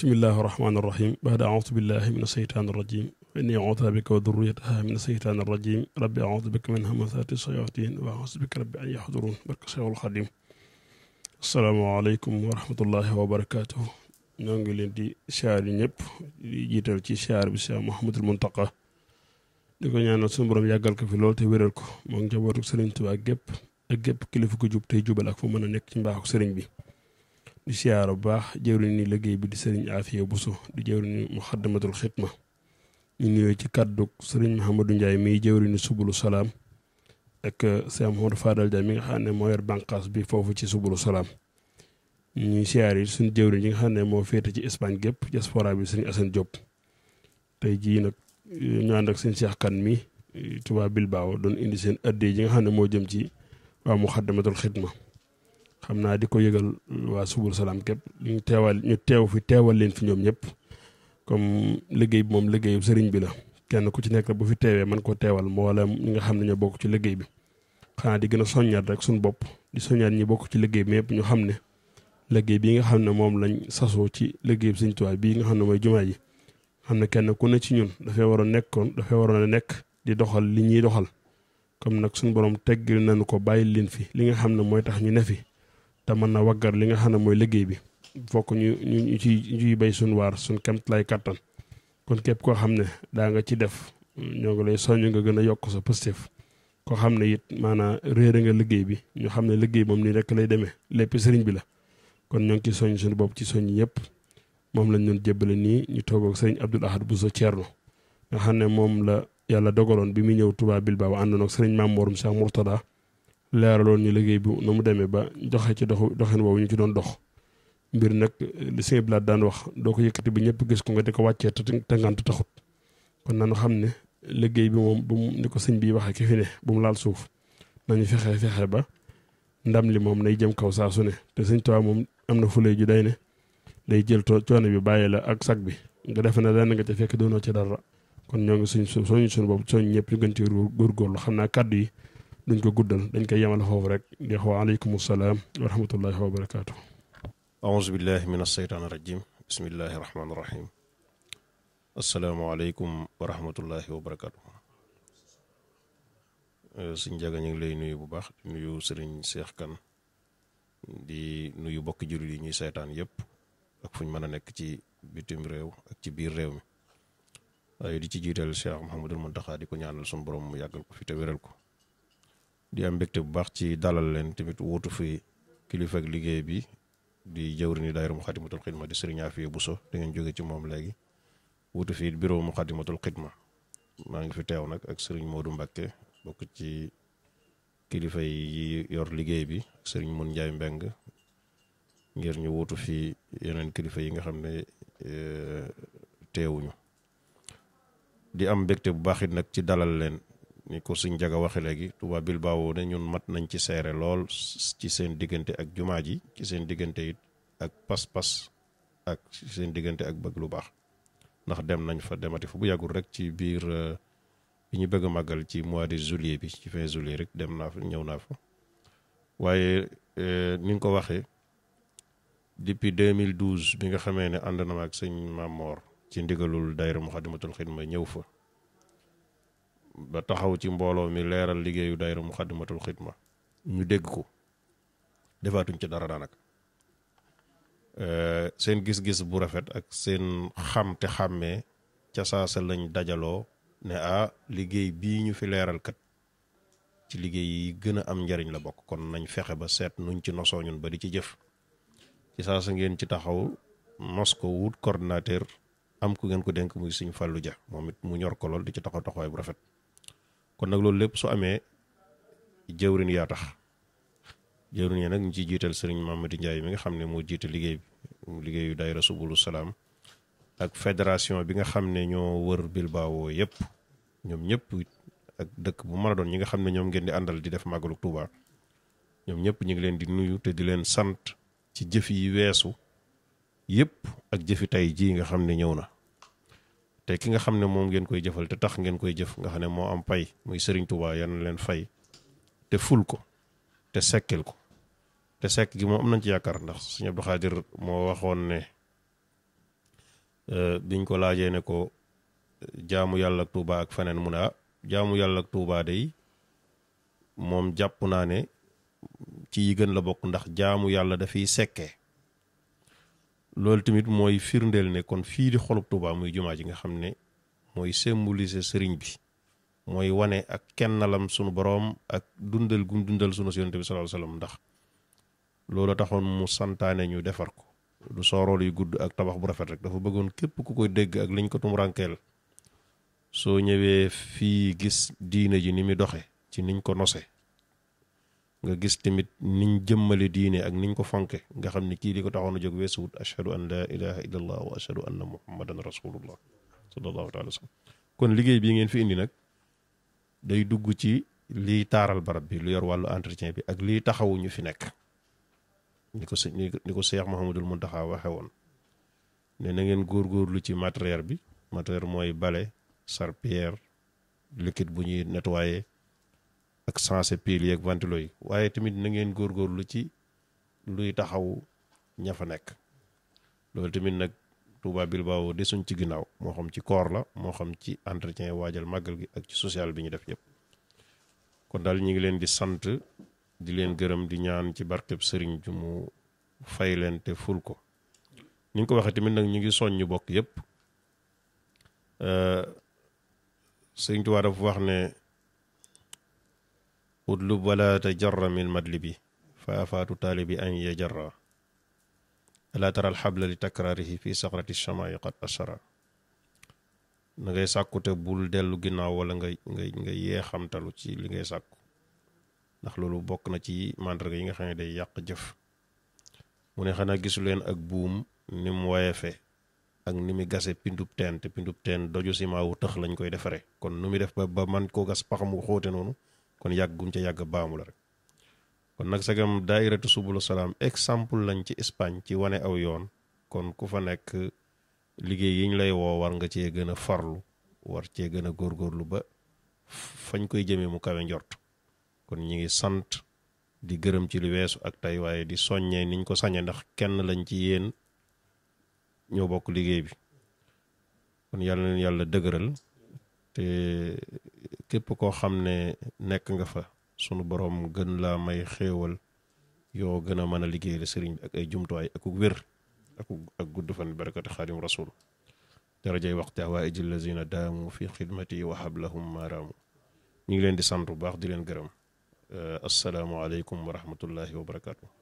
bismillahi rahmaani rahim baada audu billahi min asheytaani rajim inni audu bika wa durriyataha min asheytaani rajim rabbi audu bika min hamasaati shayatin wa audu bika rabbi an yaxdurun barka cheikhul xadim asalaamaaleykum wa rahmatullahi wa barakatuh ñoo ngi leen di siyaar yi ñëpp di jiital ci siyaar bi Cheikh Mouhamadul Muntaqa di ko ñaanal suñu borom yàggal ko fi lool te wéral ko moo ngi njabootu sëriñ Tuubaa gépp ak gépp kilifa ko jub tey jubal ak fu mën a nekk ci mbaaxu sëriñ bi di siyaara bu baax jëwriñ ni liggéey bi di sëriñ Afiya Buso di jëwriñu Muxaddamatul Xidma ñu nuyoo ci kàddu sëriñ Mouhamadou Ndiaye mii jëwriñu subulu salaam ak euh, Cheikh Mouhamadou Fadal mi nga moo yor bànqaas bi foofu ci subulu salaam ñuy siyaar yi suñu jëwriñ yi nga xam ne moo féete ci Espagne gépp diaspora bi sëriñ Assane Diop tey jii nag euh, ñu ànd ak seen Cheikh Kan mi euh, tubaab Bilbao doon indi seen ëddee yi nga xam ne moo jëm ci waa Muxaddamatul Xidma xam naa di ko yëgal waa subul salaam képp ñu teewal ñu teew fi teewal leen fi ñoom ñëpp comme liggéey bi moom liggéeyu sëriñ bi la kenn ku ci nekk bu fi teewee man koo teewal mboolem ñi nga xam ne ñoo bokk ci liggéey bi xanaa di gën soññaat rek suñu bopp di soññaat ñi bokk ci liggéey bi ñu xam ne liggéey bii nga xam ne moom lañ sasoo ci liggéey bi Sëriñ Tuubaa bii nga xam ne mooy jumaa yi xam ne kenn ku ne ci ñun dafay waroon nekkoon dafay waroon a nekk di doxal li ñuy doxal comme nag suñu borom tegg nañu ko bàyyi leen fi li nga xam ne mooy tax ñu ne fi te mën na waggar li nga xam ne mooy liggéey bi fokk ñu ñu ñu ci ñuy béy waar suñ kemt lay kattan kon képp koo xam ne daa nga ci def ñoo ngi lay soññ nga gën a yokk sa positif koo xam ne it maanaam réere nga liggéey bi ñu xam ne liggéey moom nii rekk lay demee lépp sëriñ bi la kon ñoo ngi ci soññ suñu bopp ci soññ yëpp moom lañ doon jébbale nii ñu toog ak sëriñ Abdul Ahad Bousso Thierno nga xam ne moom la yàlla dogaloon bi mu ñëw Touba Bilbao àndoon ak sëriñ Maam Morum Cheikh Mourtada leeraloon ñu liggéey bu na mu demee ba joxe ci doxu doxin boobu ñu ci doon dox mbir nag li sëñ Blaat daan wax doo ko yëkkati ba ñëpp gis ko nga di ko wàccee te te ngant taxut kon nañu xam ne liggéey bi moom bu ni ko sëñ bi waxee ki fi ne bu mu laal suuf nañu fexe fexe ba ndam li moom nay jëm kaw saa su ne te sëñ Tuubaa moom am na fule ju day ne day jël coono bi bàyyi la ak sag bi nga defe ne lenn nga ca fekk doonoo ci dara kon ñoo ngi suñ suñ suñ bopp suñ ñëpp ñu gën ci góorgóorlu xam naa kàddu yi. duñ ko guddal dañ koy yemal foofu rek di wax waaleykum salaam wa rahmatullahi wa barakaatu. aouzu billahi min asheytaan wa rahmatullahi wa barakaatu. Eh, suñ ñu ngi lay nuyu bu baax nuyu sëriñ Seex Kan di nuyu bokki jullit yi ñuy seetaan yëpp ak fuñ mën a nekk ci bitim réew ak ci biir réew mi waaye di ci jiital Cheikh Mouhamadul Muntaxa di ko ñaanal suñu borom mu yàggal ko fi te ko di am mbégte bu baax ci dalal leen tamit wuutu fi kilifa liggéey bi di jëwriñu daayira Muxaddamatul Xidma di Sëriñ Afiya Buso da ngeen jóge ci moom léegi wuutu fi bureau Muxaddamatul Xidma maa ngi fi teew nag ak Sëriñ Modou Mbakke bokk ci kilifa yi yor liggéey bi ak Sëriñ Mun Njaay Mbeng ngir ñu wutu fi yeneen kilifa yi nga xam ne e, teewuñu di am mbégte bu baax nag ci dalal leen ni ko suñ jaga waxe léegi Touba Bilbao ne ñun mat nañ ci seere lool ci seen diggante ak jumaa ji ci seen diggante it ak pas-pas ak ci seen diggante ak bëgg lu baax ndax dem nañ fa demati fa bu yàggul rek ci biir euh, bi ñu bëgg a màggal ci mois de juillet bi ci fin juillet rek dem naa fa ñëw naa fa waaye euh, ni nga ko waxee depuis 2012 bi nga xamee ne ànd na ma ak sëñ Mamor ci ndigalul daayira Muxaddamatul Xidma ñëw fa ba taxaw ci mbooloo mi leeral liggéeyu daayira Muxaddamatul Xidma ñu dégg ko defaatuñ ci dara daanaka euh, seen gis-gis bu rafet ak seen xam te xàmmee ca saasa lañ dajaloo ne ah liggéey bii ñu fi leeral kat ci liggéey yi gën a am njariñ la bokk kon nañ fexe ba seet nuñ ci nosoo ñun ba di ci jëf ci saasa ngeen ci taxaw nos ko wut coordinateur am ku ngeen ko denk muy Sëñ Fallou Dia moom it mu ñor ko lool di ci taxaw taxawaay bu rafet kon nag loolu lépp su amee jëwrin yaa tax jëwrin yaa nag ñu ciy jiital sëriñ Mamadi Ndiaye mi nga xam ne moo jiite liggéey bi liggéeyu daayira Subulu Salaam ak fédération bi nga xam ne ñoo wër Bilbao yëpp ñoom ñëpp ak dëkk bu mën a doon ñi nga xam ne ñoom ngeen di àndal di def màggalu Touba ñoom ñëpp ñu ngi leen di nuyu te di leen sant ci jëf yi weesu yëpp ak jëfi tey jii nga xam ne ñëw na te ki nga xam ne moom ngeen koy jëfal te tax ngeen koy jëf nga xam ne moo am pay muy Sëriñ Tuubaa yal na leen fay te ful ko te sekkil ko te sekk gi moom am nañ ci yaakaar ndax Sëriñ Abdu Xaadir moo waxoon ne euh, biñ ko laajee ne ko jaamu yàlla ak Tuubaa ak feneen mu ne ah yàlla ak Tuubaa moom jàpp naa ne ci yi gën la bokk ndax jaamu yàlla dafiy sekkee loolu tamit mooy firndeel ne kon fii di xolub Tuubaa muy jumaa ji nga xam ne mooy symboliser sëriñ bi mooy wane ak kennalam sunu borom ak dundal gum dundal sunu Yonent bi sallallaahu alayhi ndax loolu taxoon mu santaane ñu defar ko du soorool yu gudd ak tabax bu rafet rek dafa bëggoon képp ku koy dégg ak liñ ko tum soo ñëwee fii gis diine ji ni muy doxe ci niñ ko nose nga gis tamit niñ jëmmale diine ak niñ ko fonke nga xam ni kii li ko taxoon a jóg weesuwut ashhadu an laa ilaha illa allah wa ashhadu anna muhammadan kon liggéey bii ngeen fi indi nag day dugg ci liy taaral barab bi lu yor wàllu entretien bi ak liy taxawuñu fi nekk ni ko ni ko Cheikh Mouhamadul Muntaxa waxe woon ne na ngeen góorgóorlu ci matériel bi matériel mooy bale serpillière liquide bu ñuy nettoyer ak sensé pile yi ak ventilo yi waaye tamit na ngeen góorgóorlu ci luy taxaw ña fa nekk loolu tamit nag Touba Bilbao desuñ ci ginnaaw moo xam ci koor la moo xam ci entretien waajal màggal gi ak ci social bi ñu def yëpp kon daal ñu ngi leen di sant di leen gërëm di ñaan ci barkeb sëriñ mu fay leen te ful ko ni ko waxee tamit nag ñu ngi soññ bokk yépp euh, sëriñ dafa wax ne utlub wala tajarra min madlibi fa afaatu taalibi an yajarra alaa tara alxabla li takraarihi fi saxrati shamaa'i qad ashara na ngay sàkkute bul dellu ginnaaw wala nga nga nga yee xamtalu ci li ngay sàkku ndax loolu bokk na ci màndarga yi nga xam ne day yàq jëf mu ne xanaa gisu leen ak buum ni mu woyefe ak ni mu gase pindub teen te pindub teen doju simaa wu tëx lañ koy defaree kon nu mu def ba ba man koo gas paxamu xoote noonu kon yàgg guñ ca yàgg baamu la rek kon nag sagam daairatu subulu salaam exemple lañ ci Espagne ci wane aw yoon kon ku fa nekk liggéey yiñ lay woo war nga cee gën a farlu war cee gën a góorlu ba fañ koy jëmee mu kawe njort kon ñi ngi sant di gërëm ci lu weesu ak tey waaye di soññee niñ ko sañee ndax kenn lañ ci yéen ñoo bokk liggéey bi kon yàlla na yàlla dëgëral te képp koo xam ne nekk nga fa sunu borom gën laa may xéewal yoo gën a mën a liggéeyal sëriñ bi ak ay jumtuwaay ak wér ak ak gudd fan barakati xaadim rasul darajay waxte awaaiji lazina daamu fi xidmati wa hablahum maaraamu ñu ngi leen di sant bu baax di leen gërëm asalaamualeykum wa rahmatullahi wa barakaatu.